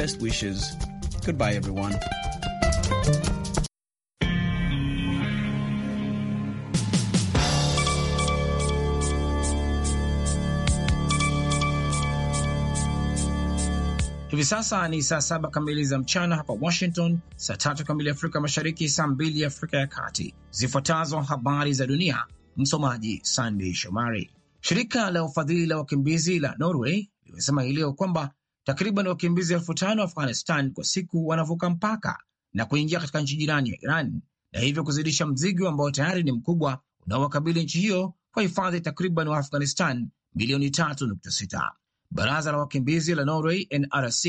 Best wishes. Goodbye everyone. Hivi sasa ni saa saba kamili za mchana hapa Washington, saa tatu kamili Afrika Mashariki, saa mbili Afrika ya Kati. Zifuatazo habari za dunia, msomaji Sandey Shomari. Shirika la ufadhili la wakimbizi la Norway limesema hii leo kwamba Takriban wakimbizi elfu tano wa Afghanistan kwa siku wanavuka mpaka na kuingia katika nchi jirani ya Iran na hivyo kuzidisha mzigo ambao tayari ni mkubwa unaowakabili nchi hiyo kwa hifadhi takriban wa Afghanistan milioni tatu nukta sita. Baraza la wakimbizi la Norway NRC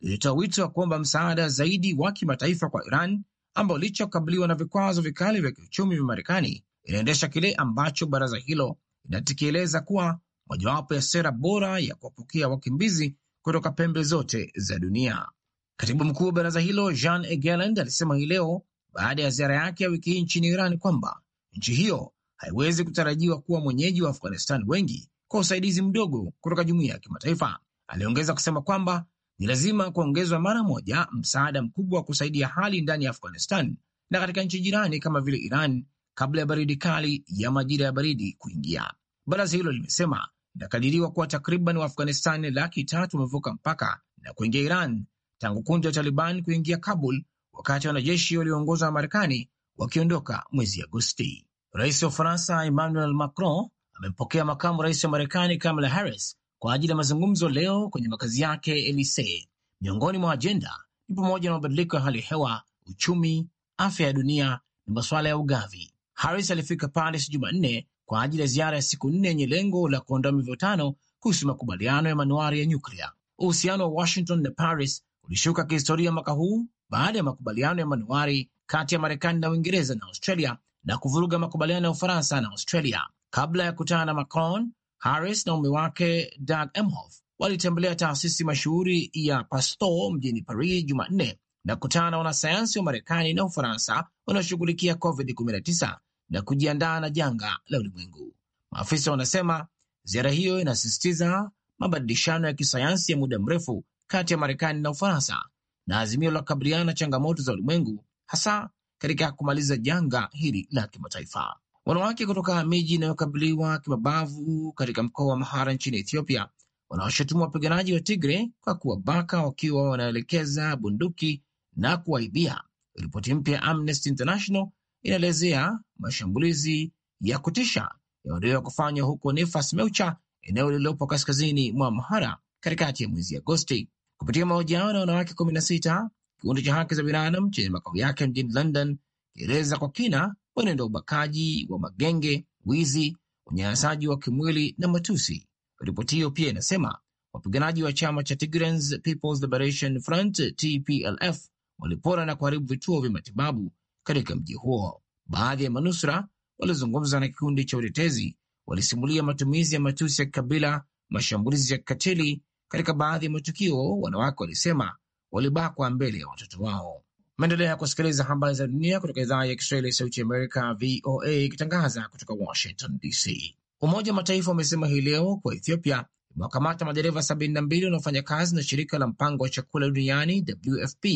lilitoa wito wa kuomba msaada zaidi wa kimataifa kwa Iran ambao licha kukabiliwa na vikwazo vikali vya kiuchumi vya Marekani inaendesha kile ambacho baraza hilo linatikieleza kuwa mojawapo ya sera bora ya kuwapokea wakimbizi kutoka pembe zote za dunia. Katibu mkuu wa baraza hilo Jean Egeland alisema hii leo baada ya ziara yake ya wiki hii nchini Iran kwamba nchi hiyo haiwezi kutarajiwa kuwa mwenyeji wa Afghanistan wengi kwa usaidizi mdogo kutoka jumuiya ya kimataifa. Aliongeza kusema kwamba ni lazima kuongezwa mara moja msaada mkubwa wa kusaidia hali ndani ya Afghanistan na katika nchi jirani kama vile Iran kabla ya baridi kali ya majira ya baridi kuingia. Baraza hilo limesema Inakadiriwa kuwa takriban Waafghanistani laki tatu wamevuka mpaka na kuingia Iran tangu kundi la Taliban kuingia Kabul, wakati wanajeshi walioongozwa na Marekani wakiondoka mwezi Agosti. Rais wa Ufaransa Emmanuel Macron amempokea makamu rais wa Marekani Kamala Harris kwa ajili ya mazungumzo leo kwenye makazi yake Elisee. Miongoni mwa ajenda ni pamoja na mabadiliko ya hali ya hewa, uchumi, afya ya dunia na masuala ya ugavi. Harris alifika Paris Jumanne kwa ajili ya ziara ya siku nne yenye lengo la kuondoa mivutano kuhusu makubaliano ya manuari ya nyuklia. Uhusiano wa Washington na Paris ulishuka kihistoria mwaka huu baada ya makubaliano ya manuari kati ya Marekani na Uingereza na Australia na kuvuruga makubaliano ya Ufaransa na Australia. Kabla ya kutana na Macron, Harris na mume wake Doug Emhoff walitembelea taasisi mashuhuri ya Pasteur mjini Paris Jumanne na kutana na wanasayansi wa Marekani na Ufaransa wanaoshughulikia COVID-19 na kujiandaa na janga la ulimwengu. Maafisa wanasema ziara hiyo inasisitiza mabadilishano ya kisayansi ya muda mrefu kati ya Marekani na Ufaransa na azimio la kukabiliana na changamoto za ulimwengu, hasa katika kumaliza janga hili la kimataifa. Wanawake kutoka miji inayokabiliwa kimabavu katika mkoa wa Mahara nchini Ethiopia wanaoshutuma wapiganaji wa Tigre kwa kuwabaka wakiwa wanaelekeza bunduki na kuwaibia. Ripoti mpya ya Amnesty International inaelezea mashambulizi ya kutisha yanayodaiwa kufanywa huko Nefas Meucha, eneo lililopo kaskazini mwa mhara katikati ya mwezi Agosti. Kupitia mahojiano na wanawake kumi na sita, kikundi cha haki za binadamu chenye makao yake mjini London kieleza kwa kina mwenendo wa ubakaji wa magenge, wizi, unyanyasaji wa kimwili na matusi. Ripoti hiyo pia inasema wapiganaji wa chama cha Tigrans People's Liberation Front TPLF walipora na kuharibu vituo vya matibabu katika mji huo. Baadhi ya manusura waliozungumza na kikundi cha utetezi walisimulia matumizi ya matusi ya kikabila, mashambulizi ya kikatili katika baadhi ya matukio. Wanawake walisema walibakwa mbele ya watoto wao. Maendelea kusikiliza habari za dunia kutoka idhaa ya Kiswahili ya sauti Amerika, VOA, ikitangaza kutoka Washington DC. Umoja wa Mataifa umesema hii leo kwa Ethiopia imewakamata madereva 72 wanaofanya kazi na shirika la mpango wa chakula duniani WFP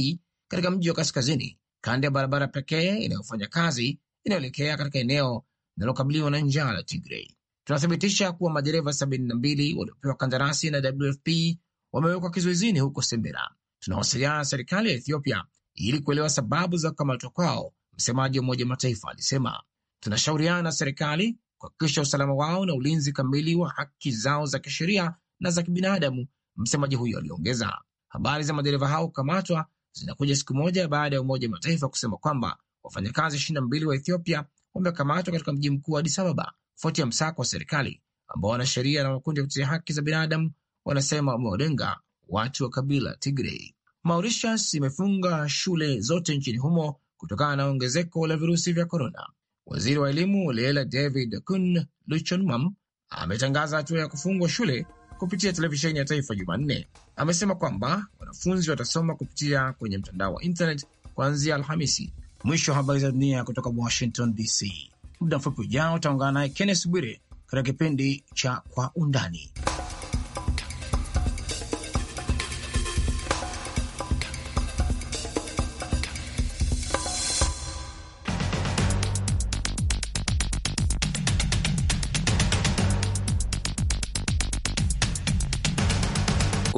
katika mji wa kaskazini kando ya barabara pekee inayofanya kazi inayoelekea katika eneo linalokabiliwa na njaa la Tigrei. Tunathibitisha kuwa madereva 72 waliopewa kandarasi na WFP wamewekwa kizuizini huko Sembera. Tunawasiliana na serikali ya Ethiopia ili kuelewa sababu za kukamatwa kwao, msemaji wa Umoja Mataifa alisema. Tunashauriana na serikali kuhakikisha usalama wao na ulinzi kamili wa haki zao za kisheria na za kibinadamu, msemaji huyo aliongeza. Habari za madereva hao kukamatwa zinakuja siku moja baada ya Umoja wa Mataifa kusema kwamba wafanyakazi ishirini na mbili wa Ethiopia wamekamatwa katika mji mkuu Addis Ababa kufuatia msako wa serikali ambao wanasheria na makundi ya kutetea haki za binadamu wanasema wamewalenga watu wa kabila Tigrei. Mauritius imefunga shule zote nchini humo kutokana na ongezeko la virusi vya korona. Waziri wa elimu Leela David Kun Luchonmam ametangaza hatua ya kufungwa shule kupitia televisheni ya taifa Jumanne amesema kwamba wanafunzi watasoma kupitia kwenye mtandao wa internet kuanzia Alhamisi. Mwisho wa habari za dunia kutoka Washington DC. Muda mfupi ujao utaungana naye Kennes Bwire katika kipindi cha Kwa Undani.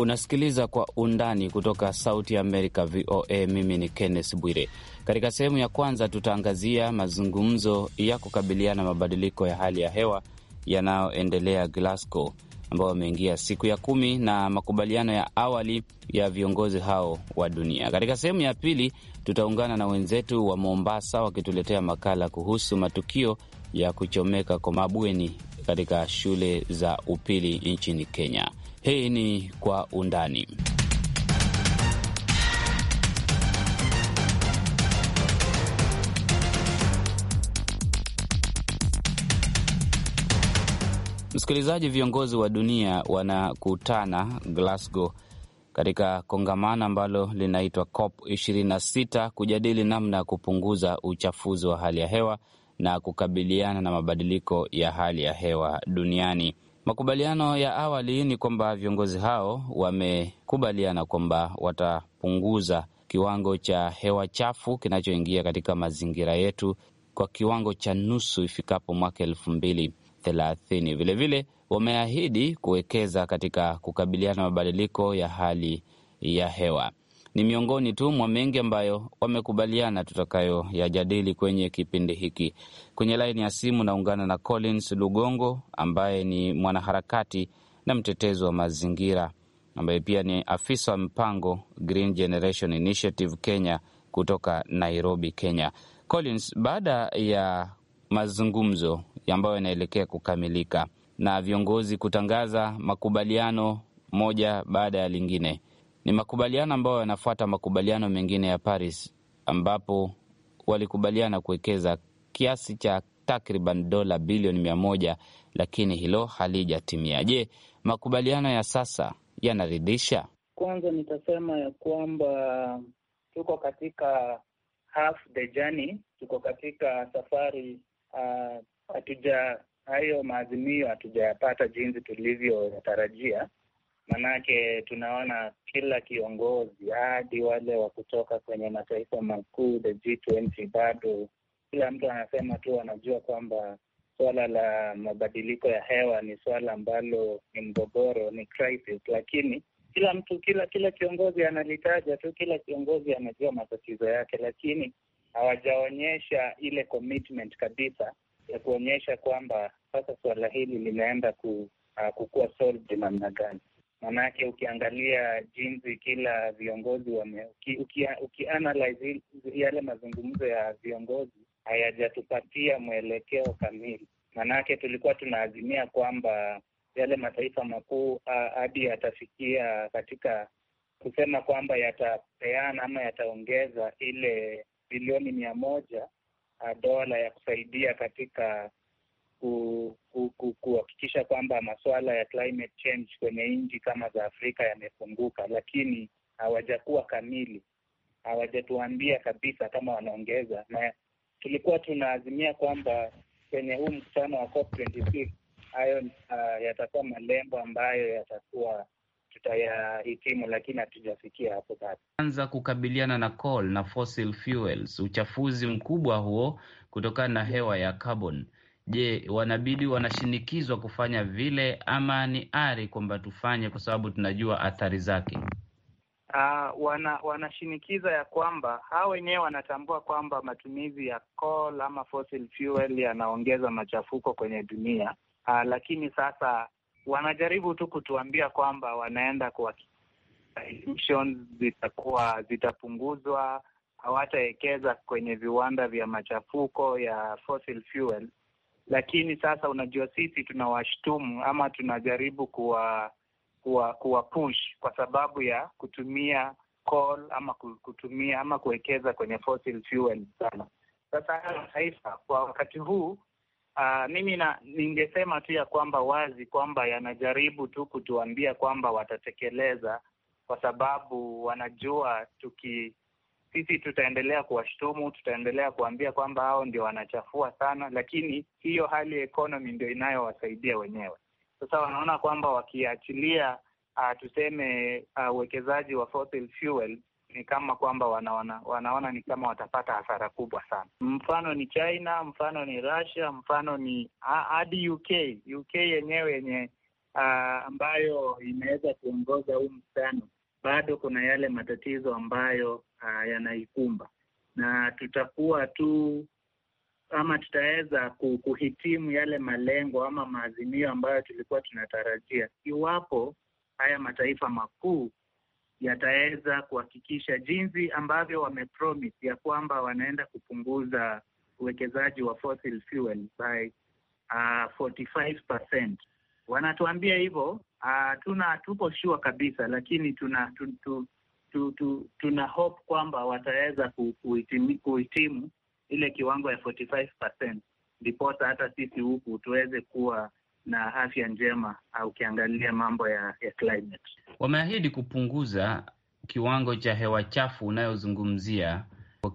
Unasikiliza Kwa Undani kutoka Sauti ya Amerika, VOA. Mimi ni Kenneth Bwire. Katika sehemu ya kwanza, tutaangazia mazungumzo ya kukabiliana mabadiliko ya hali ya hewa yanayoendelea Glasgow, ambao wameingia siku ya kumi na makubaliano ya awali ya viongozi hao wa dunia. Katika sehemu ya pili, tutaungana na wenzetu wa Mombasa wakituletea makala kuhusu matukio ya kuchomeka kwa mabweni katika shule za upili nchini Kenya. Hii ni Kwa Undani. Msikilizaji, viongozi wa dunia wanakutana Glasgow katika kongamano ambalo linaitwa COP 26 kujadili namna ya kupunguza uchafuzi wa hali ya hewa na kukabiliana na mabadiliko ya hali ya hewa duniani. Makubaliano ya awali ni kwamba viongozi hao wamekubaliana kwamba watapunguza kiwango cha hewa chafu kinachoingia katika mazingira yetu kwa kiwango cha nusu ifikapo mwaka elfu mbili thelathini. Vilevile wameahidi kuwekeza katika kukabiliana mabadiliko ya hali ya hewa ni miongoni tu mwa mengi ambayo wamekubaliana tutakayoyajadili kwenye kipindi hiki. Kwenye laini ya simu naungana na Collins Lugongo ambaye ni mwanaharakati na mtetezi wa mazingira ambaye pia ni afisa wa mpango Green Generation Initiative Kenya kutoka Nairobi, Kenya. Collins, baada ya mazungumzo ambayo yanaelekea kukamilika na viongozi kutangaza makubaliano moja baada ya lingine, ni makubaliano ambayo yanafuata makubaliano mengine ya Paris ambapo walikubaliana kuwekeza kiasi cha takriban dola bilioni mia moja lakini hilo halijatimia. Je, makubaliano ya sasa yanaridhisha? Kwanza nitasema ya kwamba tuko katika half the journey, tuko katika safari ah, hatuja uh, hayo maazimio hatujayapata jinsi tulivyotarajia, Manake tunaona kila kiongozi hadi wale wa kutoka kwenye mataifa makuu the G20, bado kila mtu anasema tu anajua kwamba swala la mabadiliko ya hewa ni swala ambalo ni mgogoro, ni crisis, lakini kila mtu, kila kila kiongozi analitaja tu, kila kiongozi anajua matatizo yake, lakini hawajaonyesha ile commitment kabisa ya kuonyesha kwamba sasa swala hili linaenda ku, uh, kukuwa solved namna gani. Maanake ukiangalia jinsi kila viongozi wame, uki, uki, yale mazungumzo ya viongozi hayajatupatia mwelekeo kamili. Maanake tulikuwa tunaazimia kwamba yale mataifa makuu hadi yatafikia katika kusema kwamba yatapeana ama yataongeza ile bilioni mia moja dola ya kusaidia katika kuhakikisha kwamba masuala ya climate change kwenye nchi kama za Afrika yamepunguka, lakini hawajakuwa kamili, hawajatuambia kabisa kama wanaongeza, na tulikuwa tunaazimia kwamba kwenye huu mkutano wa COP26 hayo uh, yatakuwa malengo ambayo yatakuwa tutayahitimu, lakini hatujafikia hapo bado. Anza kukabiliana na coal na fossil fuels, uchafuzi mkubwa huo kutokana na hewa ya carbon. Je, wanabidi wanashinikizwa kufanya vile ama ni ari kwamba tufanye kwa sababu tunajua athari zake? Uh, wana, wanashinikiza ya kwamba hao wenyewe wanatambua kwamba matumizi ya coal ama fossil fuel yanaongeza machafuko kwenye dunia. Uh, lakini sasa wanajaribu tu kutuambia kwamba wanaenda kwa emissions zitakuwa zitapunguzwa, hawatawekeza kwenye viwanda vya machafuko ya fossil fuel lakini sasa unajua sisi tunawashtumu ama tunajaribu kuwa kuwa kuwa push kwa sababu ya kutumia coal ama kutumia ama kuwekeza kwenye fossil fuel sana. Sasa haya mataifa kwa wakati huu uh, mimi na ningesema tu ya kwamba wazi kwamba yanajaribu tu kutuambia kwamba watatekeleza, kwa sababu wanajua tuki sisi tutaendelea kuwashtumu, tutaendelea kuambia kwamba hao ndio wanachafua sana, lakini hiyo hali ya ekonomi ndio inayowasaidia wenyewe. Sasa wanaona kwamba wakiachilia uh, tuseme ah, uwekezaji uh, wa fossil fuel ni kama kwamba wanaona wanaona ni kama watapata hasara kubwa sana. Mfano ni China, mfano ni Russia, mfano ni ah, hadi UK. UK yenyewe yenye uh, ambayo imeweza kuongoza huu mkutano bado kuna yale matatizo ambayo ah, yanaikumba, na tutakuwa tu ama tutaweza kuhitimu yale malengo ama maazimio ambayo tulikuwa tunatarajia iwapo haya mataifa makuu yataweza kuhakikisha jinsi ambavyo wame ya kwamba wanaenda kupunguza uwekezaji wa fossil fuel by uh, ah, 45%. Wanatuambia hivyo uh, tuna tupo shua kabisa, lakini tuna tu, tu, tu, tu, tuna hope kwamba wataweza kuhitimu, kuhitimu ile kiwango ya 45% ndiposa hata sisi huku tuweze kuwa na afya njema, ukiangalia mambo ya, ya climate. Wameahidi kupunguza kiwango cha hewa chafu unayozungumzia kwa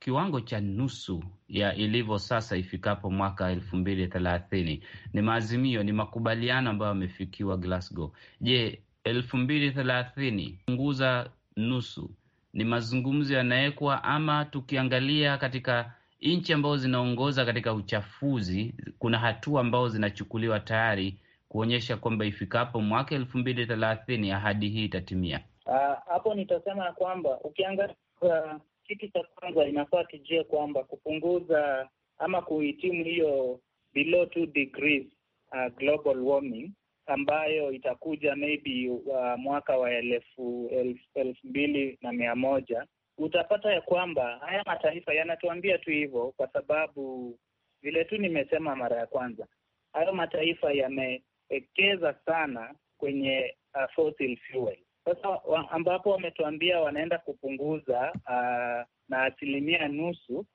kiwango cha nusu ya ilivyo sasa ifikapo mwaka elfu mbili thelathini. Ni maazimio, ni makubaliano ambayo yamefikiwa Glasgow. Je, elfu mbili thelathini punguza nusu ni mazungumzo yanawekwa ama tukiangalia katika nchi ambazo zinaongoza katika uchafuzi, kuna hatua ambazo zinachukuliwa tayari kuonyesha kwamba ifikapo mwaka elfu mbili thelathini ahadi hii itatimia. Ah, hapo uh, nitasema kwamba ukiangalia uh, kitu cha kwanza inafaa tujue kwamba kupunguza ama kuhitimu hiyo below two degrees uh, global warming ambayo itakuja maybe uh, mwaka wa elfu elfu, elfu mbili na mia moja utapata ya kwamba haya mataifa yanatuambia tu hivyo kwa sababu vile tu nimesema mara ya kwanza, hayo mataifa yamewekeza sana kwenye uh, fossil fuel sasa wa, ambapo wametuambia wanaenda kupunguza uh, na asilimia nusu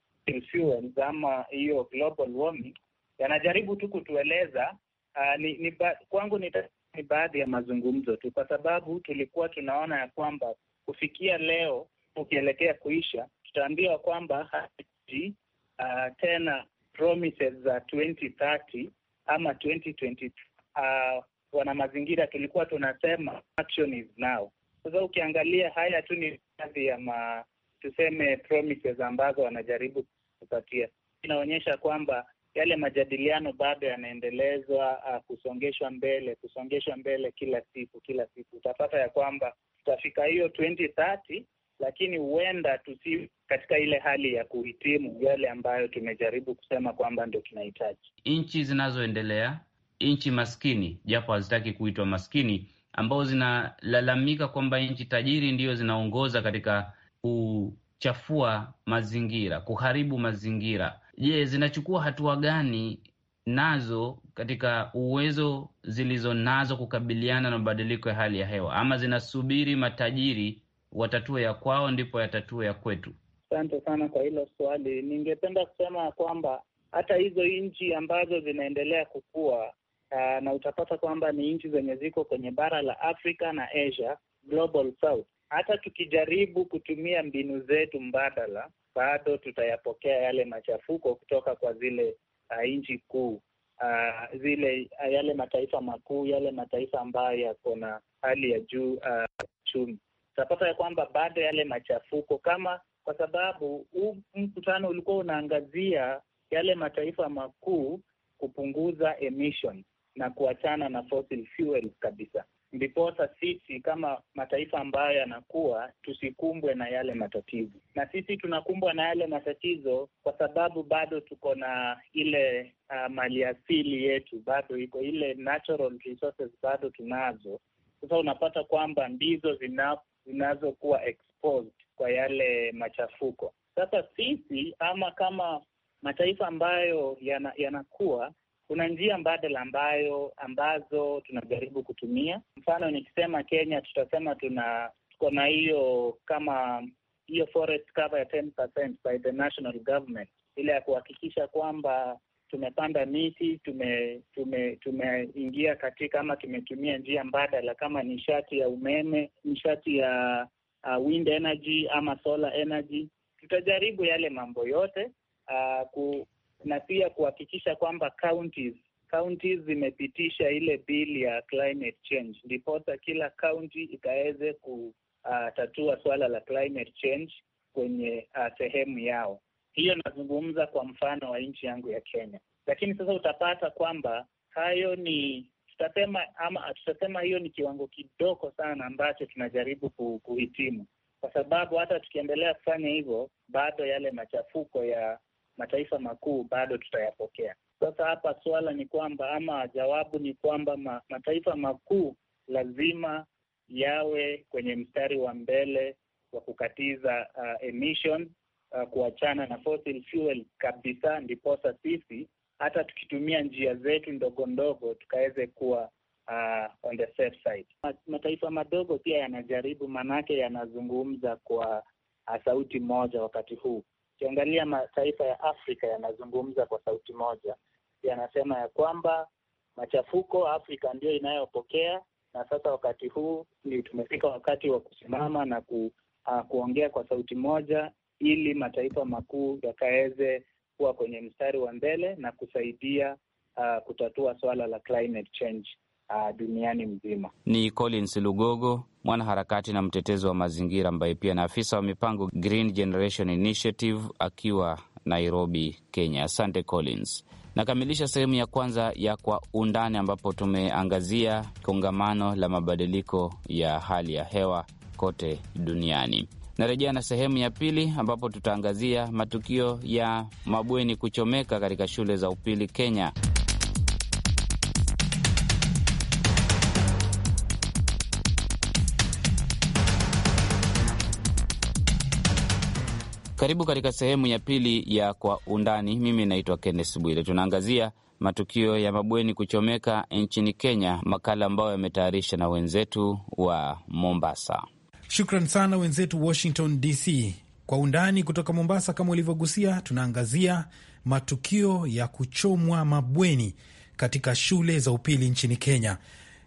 ama hiyo global warming, yanajaribu tu kutueleza uh, ni, ni ba, kwangu ni, ni baadhi ya mazungumzo tu, kwa sababu tulikuwa tunaona ya kwamba kufikia leo ukielekea kuisha tutaambiwa kwamba hati uh, ah, tena promises za 2030 ama 2020 uh, wana mazingira tulikuwa tunasema action is now. Sasa ukiangalia haya tu ni baadhi ya ma, tuseme promises ambazo wanajaribu kupatia, inaonyesha kwamba yale majadiliano bado yanaendelezwa, uh, kusongeshwa mbele, kusongeshwa mbele kila siku kila siku. Utapata ya kwamba tutafika hiyo 2030 lakini huenda tusi katika ile hali ya kuhitimu yale ambayo tumejaribu kusema kwamba ndio tunahitaji. Nchi zinazoendelea nchi maskini, japo hazitaki kuitwa maskini, ambao zinalalamika kwamba nchi tajiri ndiyo zinaongoza katika kuchafua mazingira, kuharibu mazingira. Je, zinachukua hatua gani nazo katika uwezo zilizo nazo kukabiliana na mabadiliko ya hali ya hewa, ama zinasubiri matajiri watatue ya kwao ndipo yatatue ya kwetu? Asante sana kwa hilo swali. Ningependa kusema kwamba hata hizo nchi ambazo zinaendelea kukua uh, na utapata kwamba ni nchi zenye ziko kwenye bara la Afrika na Asia, Global South. Hata tukijaribu kutumia mbinu zetu mbadala, bado tutayapokea yale machafuko kutoka kwa zile uh, nchi kuu uh, zile uh, yale mataifa makuu, yale mataifa ambayo yako na hali ya juu uh, chumi. Utapata ya kwamba bado yale machafuko kama kwa sababu huu mkutano ulikuwa unaangazia yale mataifa makuu kupunguza emissions na kuachana na fossil fuels kabisa, ndiposa sisi kama mataifa ambayo yanakuwa tusikumbwe na yale matatizo. Na sisi tunakumbwa na yale matatizo kwa sababu bado tuko na ile uh, ah, maliasili yetu bado iko ile natural resources bado tunazo. Sasa unapata kwamba ndizo zinazokuwa exposed kwa yale machafuko. Sasa sisi ama kama mataifa ambayo yanakuwa yana kuna njia mbadala ambayo ambazo tunajaribu kutumia. Mfano, nikisema Kenya, tutasema tuna tuko na hiyo kama hiyo forest cover ya 10% by the national government, ile ya kuhakikisha kwamba tumepanda miti, tumeingia tume, tume katika ama tumetumia njia mbadala kama nishati ya umeme, nishati ya uh, wind energy ama solar energy. Tutajaribu yale mambo yote uh, ku, na pia kuhakikisha kwamba counties counties zimepitisha ile bil ya climate change, ndiposa kila county ikaweze kutatua swala la climate change kwenye uh, sehemu yao. Hiyo nazungumza kwa mfano wa nchi yangu ya Kenya, lakini sasa utapata kwamba hayo ni tutasema ama tutasema hiyo ni kiwango kidogo sana ambacho tunajaribu kuhitimu, kwa sababu hata tukiendelea kufanya hivyo bado yale machafuko ya mataifa makuu bado tutayapokea. Sasa hapa suala ni kwamba ama jawabu ni kwamba ma, mataifa makuu lazima yawe kwenye mstari wa mbele wa kukatiza uh, emission uh, kuachana na fossil fuel kabisa, ndiposa sisi hata tukitumia njia zetu ndogo ndogo tukaweze kuwa uh, on the safe side. Mataifa madogo pia yanajaribu, maanake yanazungumza kwa uh, sauti moja wakati huu Ukiangalia mataifa ya Afrika yanazungumza kwa sauti moja, yanasema ya kwamba machafuko Afrika ndiyo inayopokea, na sasa wakati huu ni tumefika wakati wa kusimama na ku, uh, kuongea kwa sauti moja ili mataifa makuu yakaweze kuwa kwenye mstari wa mbele na kusaidia uh, kutatua swala la climate change uh, duniani mzima. Ni Collins Lugogo mwanaharakati na mtetezi wa mazingira ambaye pia na afisa wa mipango Green Generation Initiative akiwa Nairobi, Kenya. Asante Collins. Nakamilisha sehemu ya kwanza ya Kwa Undani, ambapo tumeangazia kongamano la mabadiliko ya hali ya hewa kote duniani. Narejea na sehemu ya pili, ambapo tutaangazia matukio ya mabweni kuchomeka katika shule za upili Kenya. Karibu katika sehemu ya pili ya Kwa Undani. Mimi naitwa Kennes Bwire. Tunaangazia matukio ya mabweni kuchomeka nchini Kenya, makala ambayo yametayarisha na wenzetu wa Mombasa. Shukran sana wenzetu Washington DC. Kwa Undani kutoka Mombasa, kama ulivyogusia, tunaangazia matukio ya kuchomwa mabweni katika shule za upili nchini Kenya.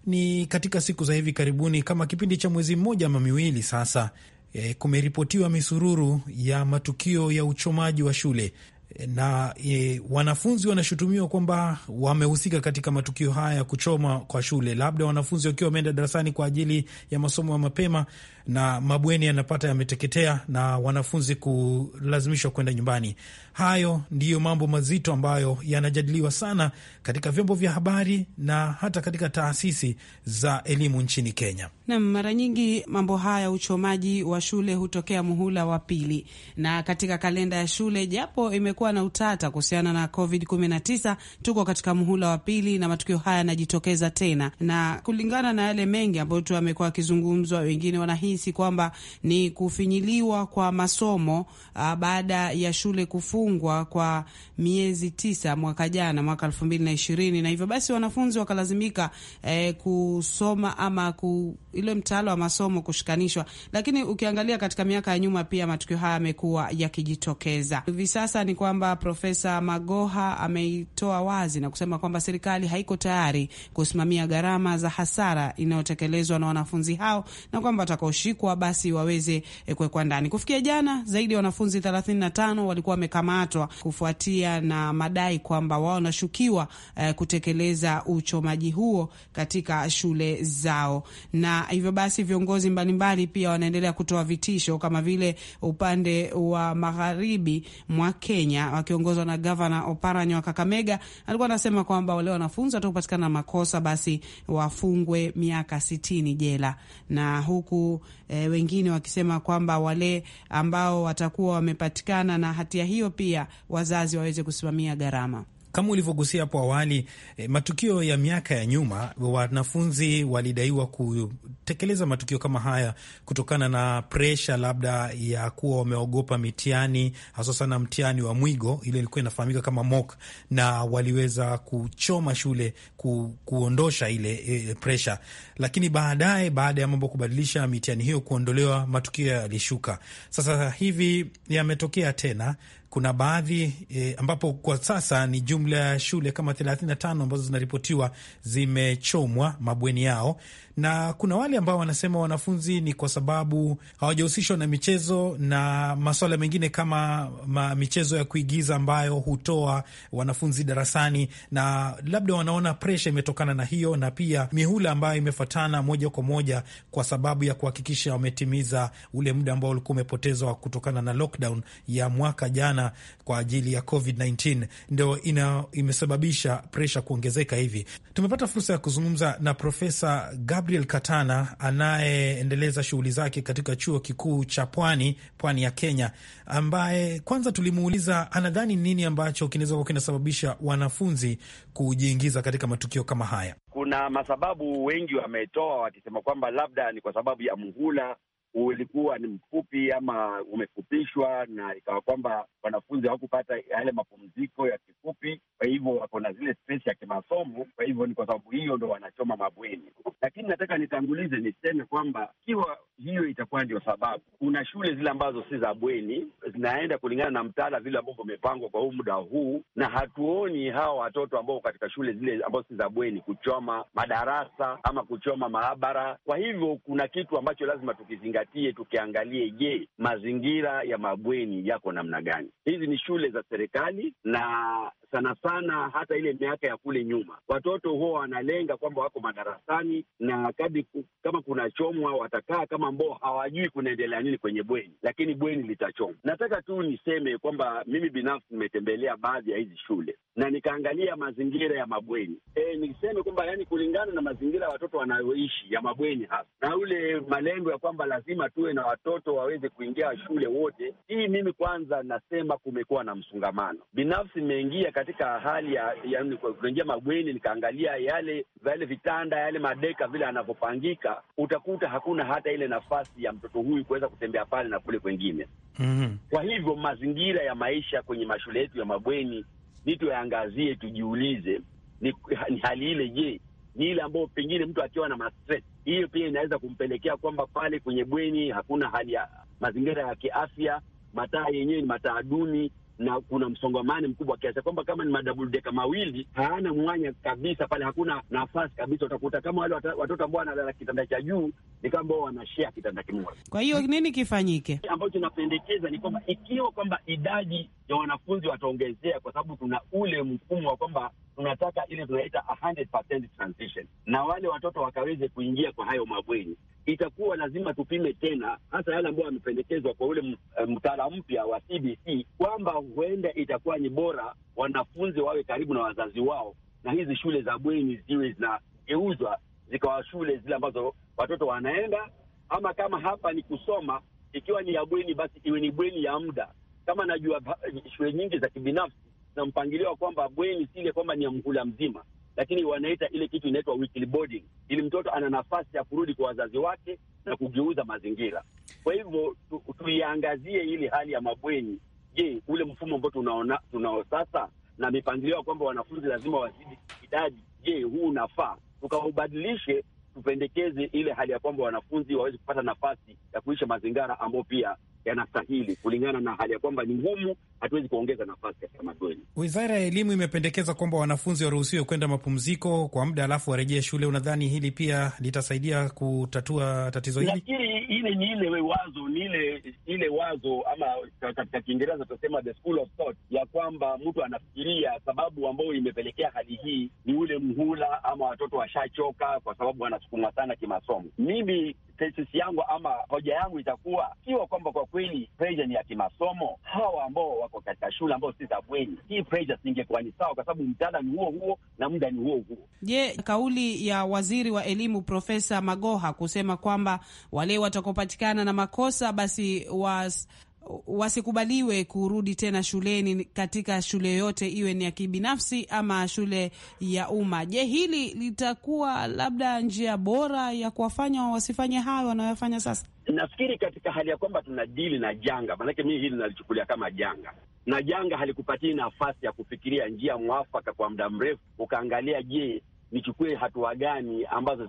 Ni katika siku za hivi karibuni, kama kipindi cha mwezi mmoja ama miwili sasa e, kumeripotiwa misururu ya matukio ya uchomaji wa shule e, na e, wanafunzi wanashutumiwa kwamba wamehusika katika matukio haya ya kuchoma kwa shule, labda wanafunzi wakiwa wameenda darasani kwa ajili ya masomo ya mapema na mabweni yanapata yameteketea na wanafunzi kulazimishwa kwenda nyumbani. Hayo ndiyo mambo mazito ambayo yanajadiliwa sana katika vyombo vya habari na hata katika taasisi za elimu nchini Kenya. Nam, mara nyingi mambo haya, uchomaji wa shule hutokea muhula wa pili, na katika kalenda ya shule, japo imekuwa na utata kuhusiana na Covid 19, tuko katika muhula wa pili na matukio haya yanajitokeza tena, na kulingana na yale mengi ambayo tu amekuwa akizungumzwa, wengine wanahisi polisi kwamba ni kufinyiliwa kwa masomo uh, baada ya shule kufungwa kwa miezi tisa mwaka jana, mwaka elfu mbili na ishirini, na hivyo basi wanafunzi wakalazimika eh, kusoma ama ku, ile mtaala wa masomo kushikanishwa. Lakini ukiangalia katika miaka ya nyuma pia matukio haya yamekuwa yakijitokeza. Hivi sasa ni kwamba Profesa Magoha ameitoa wazi na kusema kwamba serikali haiko tayari kusimamia gharama za hasara inayotekelezwa na wanafunzi hao na kwamba watakaoshi kushikwa basi waweze eh, kuwekwa ndani. Kufikia jana, zaidi ya wanafunzi 35 walikuwa wamekamatwa kufuatia na madai kwamba wao wanashukiwa eh, kutekeleza uchomaji huo katika shule zao, na hivyo basi viongozi mbalimbali pia wanaendelea kutoa vitisho kama vile upande wa magharibi mwa Kenya wakiongozwa na gavana Oparanya wa Kakamega alikuwa anasema kwamba wale wanafunzi watakapatikana na makosa basi wafungwe miaka sitini jela, na huku e, wengine wakisema kwamba wale ambao watakuwa wamepatikana na hatia hiyo pia wazazi waweze kusimamia gharama kama ulivyogusia hapo awali e, matukio ya miaka ya nyuma, wanafunzi walidaiwa kutekeleza matukio kama haya kutokana na presha labda ya kuwa wameogopa mitihani, hasa sana mtihani wa mwigo, ile ilikuwa inafahamika kama mock, na waliweza kuchoma shule ku, kuondosha ile e, eh, presha. Lakini baadaye, baada ya mambo kubadilisha, mitihani hiyo kuondolewa, matukio yalishuka. Sasa hivi yametokea tena kuna baadhi e, ambapo kwa sasa ni jumla ya shule kama 35 ambazo zinaripotiwa zimechomwa mabweni yao na kuna wale ambao wanasema wanafunzi ni kwa sababu hawajahusishwa na michezo na maswala mengine kama ma michezo ya kuigiza ambayo hutoa wanafunzi darasani, na labda wanaona presha imetokana na hiyo, na pia mihula ambayo imefuatana moja kwa moja, kwa sababu ya kuhakikisha wametimiza ule muda ambao ulikuwa umepotezwa kutokana na lockdown ya mwaka jana kwa ajili ya COVID-19, ndio ina imesababisha presha kuongezeka hivi. Tumepata fursa ya kuzungumza na Profesa Gab Gabriel Katana anayeendeleza shughuli zake katika chuo kikuu cha Pwani, pwani ya Kenya, ambaye kwanza tulimuuliza anadhani nini ambacho kinaweza kuwa kinasababisha wanafunzi kujiingiza katika matukio kama haya. Kuna masababu wengi wametoa wakisema kwamba labda ni kwa sababu ya mhula ulikuwa ni mfupi ama umefupishwa, na ikawa kwamba wanafunzi hawakupata yale mapumziko ya kifupi, kwa hivyo wako na zile spesi ya kimasomo. Kwa hivyo ni kwa sababu hiyo ndo wanachoma mabweni. Lakini nataka nitangulize niseme kwamba ikiwa hiyo itakuwa ndio sababu, kuna shule zile ambazo si za bweni zinaenda kulingana na mtaala vile ambavyo umepangwa kwa huu muda huu, na hatuoni hawa watoto ambao katika shule zile ambazo si za bweni kuchoma madarasa ama kuchoma maabara. Kwa hivyo kuna kitu ambacho lazima tukizingatia tuzingatie, tukiangalie, je, mazingira ya mabweni yako namna gani? Hizi ni shule za serikali na sana sana hata ile miaka ya kule nyuma watoto huwa wanalenga kwamba wako madarasani na kadi, kama kuna chomwa watakaa kama ambao hawajui kunaendelea nini kwenye bweni, lakini bweni litachomwa. Nataka tu niseme kwamba mimi binafsi nimetembelea baadhi ya hizi shule na nikaangalia mazingira ya mabweni e, niseme kwamba yani kulingana na mazingira ya watoto wanayoishi ya mabweni hasa na ule malengo ya kwamba lazima lazima tuwe na watoto waweze kuingia shule wote. Hii mimi kwanza nasema kumekuwa na msongamano. Binafsi nimeingia katika hali ya, kuingia mabweni nikaangalia yale yale vitanda yale madeka vile anavyopangika, utakuta hakuna hata ile nafasi ya mtoto huyu kuweza kutembea pale na kule kwengine. mm -hmm. Kwa hivyo mazingira ya maisha kwenye mashule yetu ya mabweni ni tuyaangazie, tujiulize, ni, ni hali ile, je, ni ile ambayo pengine mtu akiwa na mastress hiyo pia inaweza kumpelekea kwamba pale kwenye bweni hakuna hali ya mazingira ya kiafya, mataa yenyewe ni mataa duni, na kuna msongamano mkubwa kiasi kwamba kama ni madabul deka mawili hayana mwanya kabisa pale, hakuna nafasi kabisa. Utakuta kama wale watoto ambao wanalala kitanda cha juu ni kama wao wanashea kitanda kimoja. Kwa hiyo nini kifanyike? Ambacho tunapendekeza ni kwamba ikiwa kwamba idadi ya wanafunzi wataongezea, kwa sababu tuna ule mfumo wa kwamba tunataka ile tunaita 100% transition, na wale watoto wakaweze kuingia kwa hayo mabweni itakuwa lazima tupime tena, hasa yale ambayo yamependekezwa kwa ule eh, mtaala mpya wa CBC, kwamba huenda itakuwa ni bora wanafunzi wawe karibu na wazazi wao, na hizi shule za bweni ziwe zinageuzwa zikawa shule zile ambazo watoto wanaenda, ama kama hapa ni kusoma, ikiwa ni ya bweni, basi iwe ni bweni ya muda. Kama najua eh, shule nyingi za kibinafsi na mpangilio wa kwamba bweni si ile kwamba ni ya mhula mzima lakini wanaita ile kitu inaitwa weekly boarding, ili mtoto ana nafasi ya kurudi kwa wazazi wake na kugeuza mazingira. Kwa hivyo tu, tuiangazie ile hali ya mabweni. Je, ule mfumo ambao tunaona tunao sasa na mipangilio ya kwamba wanafunzi lazima wazidi idadi, je, huu unafaa? Tukaubadilishe, tupendekeze ile hali ya kwamba wanafunzi waweze kupata nafasi ya kuisha mazingira ambayo pia yanastahili kulingana na hali ya kwamba ni ngumu, hatuwezi kuongeza nafasi katika mabweni. Wizara ya elimu imependekeza kwamba wanafunzi waruhusiwe kwenda mapumziko kwa muda alafu warejee shule. Unadhani hili pia litasaidia kutatua tatizo hili? Lakini ile ni ile wazo ni ile ile wazo ama katika Kiingereza tunasema the school of thought, ya kwamba mtu anafikiria sababu ambayo imepelekea hali hii ni ule mhula ama watoto washachoka, kwa sababu wanasukumwa sana kimasomo. Mimi thesis yangu ama hoja yangu itakuwa ikiwa kwamba kwa kweli pressure ni ya kimasomo, hawa ambao wako katika shule ambao si za bweni, hii pressure singekuwa ni sawa, kwa sababu mtaala ni huo huo na muda ni huo huo. Je, kauli ya waziri wa elimu Profesa Magoha kusema kwamba wale watakopatikana na makosa basi was wasikubaliwe kurudi tena shuleni katika shule yoyote, iwe ni ya kibinafsi ama shule ya umma. Je, hili litakuwa labda njia bora ya kuwafanya wasifanye hayo wanayoyafanya sasa? Nafikiri katika hali ya kwamba tuna dili na janga, maanake mii hili nalichukulia kama janga na janga halikupatii nafasi ya kufikiria njia mwafaka kwa muda mrefu, ukaangalia, je, nichukue hatua gani ambazo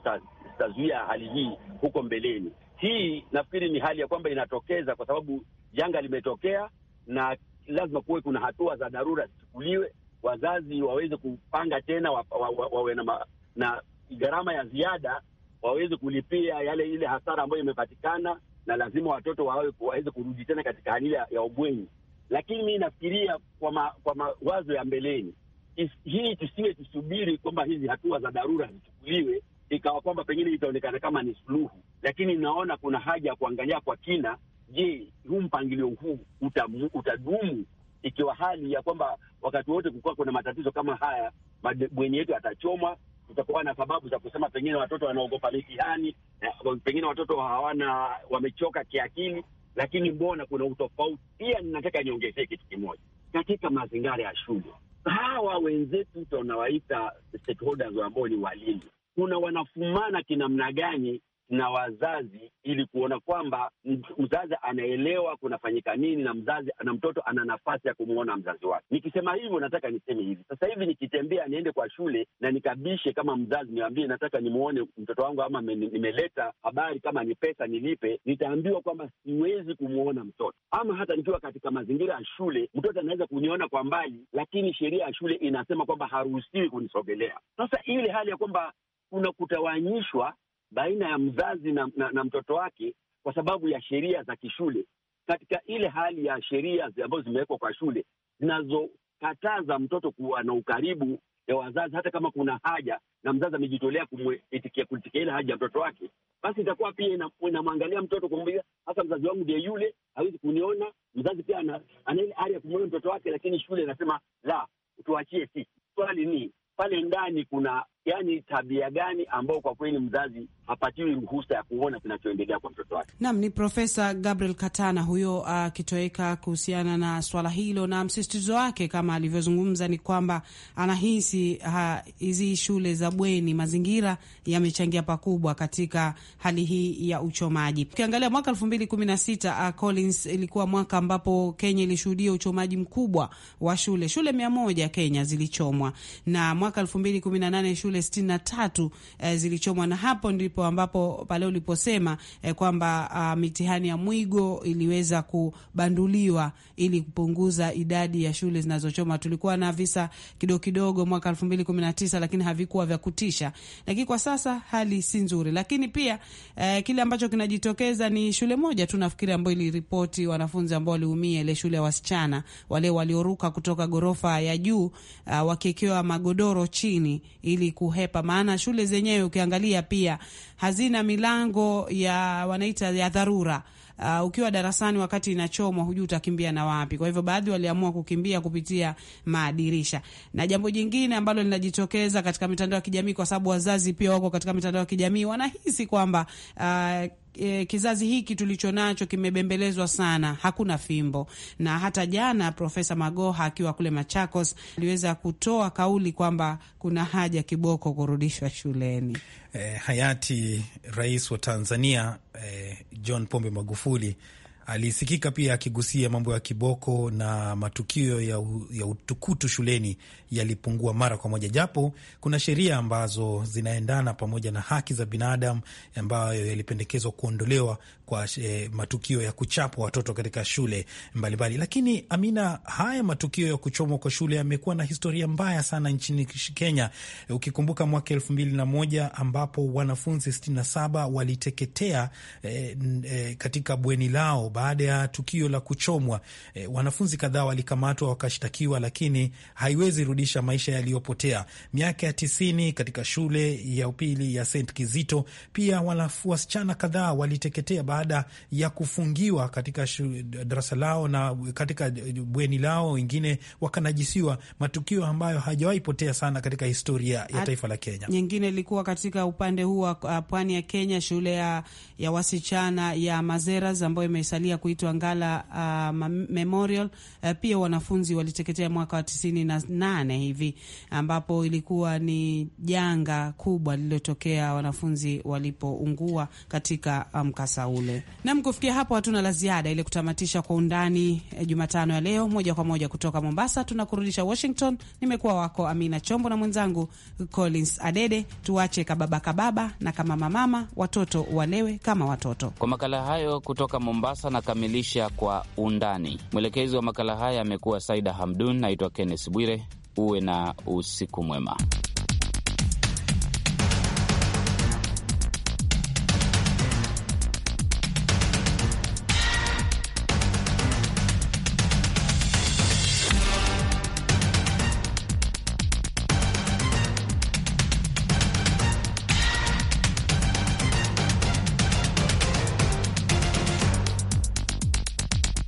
zitazuia hali hii huko mbeleni. Hii nafikiri ni hali ya kwamba inatokeza kwa sababu janga limetokea na lazima kuwe kuna hatua za dharura zichukuliwe, wazazi waweze kupanga tena, wawe wa, wa, wa, na, na gharama ya ziada waweze kulipia yale ile hasara ambayo imepatikana, na lazima watoto wawe waweze kurudi tena katika hali ya ubwenyi. Lakini mi nafikiria kwa, ma, kwa mawazo ya mbeleni Is, hii tusiwe tusubiri kwamba hizi hatua za dharura zichukuliwe ikawa kwamba pengine itaonekana kama ni suluhu, lakini naona kuna haja ya kuangalia kwa kina Je, huu mpangilio huu utamu, utadumu ikiwa hali ya kwamba wakati wote kukuwa kuna matatizo kama haya, mabweni yetu atachoma, tutakuwa na sababu za kusema pengine watoto wanaogopa mitihani, eh, pengine watoto hawana, wamechoka kiakili. Lakini mbona kuna utofauti pia? Ninataka niongezee kitu kimoja katika mazingira ya shule. Hawa wenzetu tunawaita stakeholders ambao ni walimu, kuna wanafumana kinamna gani na wazazi ili kuona kwamba mzazi anaelewa kunafanyika nini, na mzazi na mtoto ana nafasi ya kumwona mzazi wake. Nikisema hivyo, nataka niseme hivi sasa hivi, nikitembea niende kwa shule na nikabishe kama mzazi, niwambie nataka nimwone mtoto wangu, ama nimeleta habari, kama ni pesa nilipe, nitaambiwa kwamba siwezi kumwona mtoto. Ama hata nikiwa katika mazingira ya shule, mtoto anaweza kuniona kwa mbali, lakini sheria ya shule inasema kwamba haruhusiwi kunisogelea. Sasa ile hali ya kwamba kuna kutawanyishwa baina ya mzazi na, na, na mtoto wake kwa sababu ya sheria za kishule, katika ile hali ya sheria ambazo zimewekwa kwa shule zinazokataza mtoto kuwa na ukaribu ya wazazi, hata kama kuna haja na mzazi amejitolea kumwitikia kuitikia ile haja ya mtoto wake, basi itakuwa pia inamwangalia mtoto kumwambia, hasa mzazi wangu ndiye yule, hawezi kuniona. Mzazi pia ana, ana ile ari ya kumwona mtoto wake, lakini shule inasema la, tuachie sisi. Swali ni pale ndani kuna yani tabia gani ambayo kwa kweli mzazi hapatiwi ruhusa ya kuona kinachoendelea kwa mtoto wake. Naam, ni Profesa Gabriel Katana huyo akitoweka uh, kuhusiana na swala hilo, na msisitizo wake kama alivyozungumza ni kwamba anahisi uh, hizi uh, shule za bweni, mazingira yamechangia pakubwa katika hali hii ya uchomaji. Ukiangalia mwaka elfu mbili kumi na sita uh, Collins ilikuwa mwaka ambapo Kenya ilishuhudia uchomaji mkubwa wa shule, shule mia moja Kenya zilichomwa na mwaka elfu mbili kumi na nane shule shule sitini na tatu eh, zilichomwa, na hapo ndipo ambapo pale uliposema eh, kwamba ah, mitihani ya mwigo iliweza kubanduliwa ili kupunguza idadi ya shule zinazochoma. Tulikuwa na visa kidogo kidogo mwaka elfu mbili kumi na tisa lakini havikuwa vya kutisha, lakini kwa sasa hali si nzuri. Lakini pia eh, kile ambacho kinajitokeza ni shule moja tu nafikiri ambayo iliripoti wanafunzi ambao waliumia, ile shule ya wasichana wale walioruka kutoka ghorofa ya juu uh, ah, wakiekewa magodoro chini ili ku kuhepa, maana shule zenyewe ukiangalia pia hazina milango ya wanaita ya dharura. Uh, ukiwa darasani wakati inachomwa hujui utakimbia na wapi. Kwa hivyo baadhi waliamua kukimbia kupitia madirisha. Na jambo jingine ambalo linajitokeza katika mitandao ya kijamii, kwa sababu wazazi pia wako katika mitandao ya kijamii, wanahisi kwamba uh, e, kizazi hiki tulichonacho kimebembelezwa sana, hakuna fimbo. Na hata jana Profesa Magoha akiwa kule Machakos aliweza kutoa kauli kwamba kuna haja kiboko kurudishwa shuleni. E, hayati rais wa Tanzania e, John Pombe Magufuli Alisikika pia akigusia mambo ya kiboko na matukio ya, u, ya utukutu shuleni yalipungua mara kwa moja, japo kuna sheria ambazo zinaendana pamoja na haki za binadamu ambayo yalipendekezwa kuondolewa kwa eh, matukio ya kuchapwa watoto katika shule mbalimbali mbali. Lakini Amina, haya matukio ya kuchomwa kwa shule yamekuwa na historia mbaya sana nchini Kenya, ukikumbuka mwaka elfu mbili na moja ambapo wanafunzi saba waliteketea eh, eh, katika bweni lao baada ya tukio la kuchomwa e, wanafunzi kadhaa walikamatwa wakashtakiwa, lakini haiwezi rudisha maisha yaliyopotea. Miaka ya tisini katika shule ya upili ya St Kizito pia wasichana kadhaa waliteketea baada ya kufungiwa katika darasa lao na katika bweni lao, wengine wakanajisiwa, matukio ambayo hajawahi potea sana katika historia ya taifa la Kenya. Nyingine ilikuwa katika upande huu wa uh, pwani ya Kenya, shule ya, ya wasichana ya Mazeras ambayo imesalia ya kuitwa Ngala uh, Memorial uh, pia wanafunzi waliteketea mwaka wa tisini na nane hivi ambapo ilikuwa ni janga kubwa lililotokea wanafunzi walipoungua katika uh, mkasa um, ule. Nam, kufikia hapo hatuna la ziada ili kutamatisha kwa undani eh, Jumatano ya leo moja kwa moja kutoka Mombasa. Tunakurudisha Washington. Nimekuwa wako Amina Chombo na mwenzangu Collins Adede. Tuache kababa kababa na kama kamamamama, watoto walewe kama watoto. Kwa makala hayo kutoka Mombasa na tunakamilisha kwa undani. Mwelekezi wa makala haya amekuwa Saida Hamdun. Naitwa Kenneth Bwire. Uwe na usiku mwema.